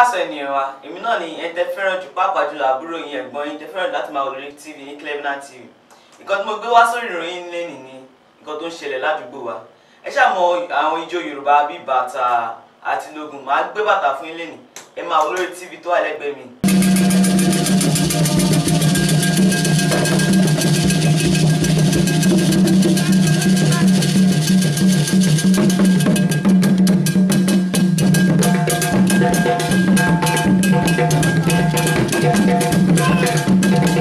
káàsán ènìyàn wa èmi náà ni ẹ tẹ fẹ́ràn jù pàápàá jùlọ àbúrò yín ẹ̀gbọ́n yín tẹ fẹ́ràn láti máa wòlé tv ní Clevenard TV nǹkan tí mo gbé wá sórí ìròyìn lẹ́nìí ni nǹkan tó ń ṣẹlẹ̀ ládùúgbò wa ẹ ṣàmọ àwọn ijó Yorùbá bíi bàtà àti lógun màá gbé bàtà fún yín lẹ́nìí ẹ máa wòlé tv tó wà lẹ́gbẹ̀ẹ́ mi. Música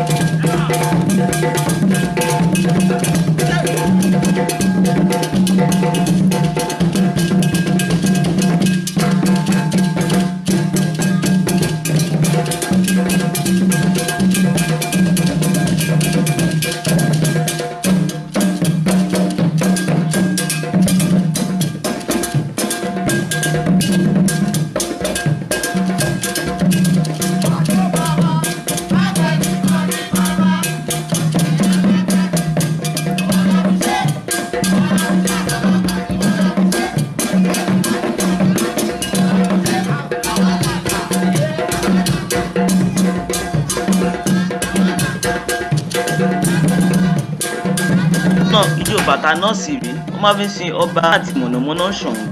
náà ijó bàtá náà sì rèé wọ́n máa fi ń sin ọba àti mọ̀nàmọ́ná ṣàngó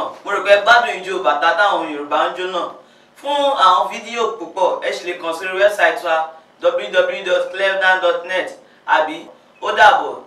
náà mo rò pé gbádùn ijó bàtà táwọn Yorùbá ń jó náà fún àwọn fídíò púpọ̀ ẹ ṣì lè kàn sí wẹ́bsáìtì wa www.cleveland.net àbí ó dàbọ̀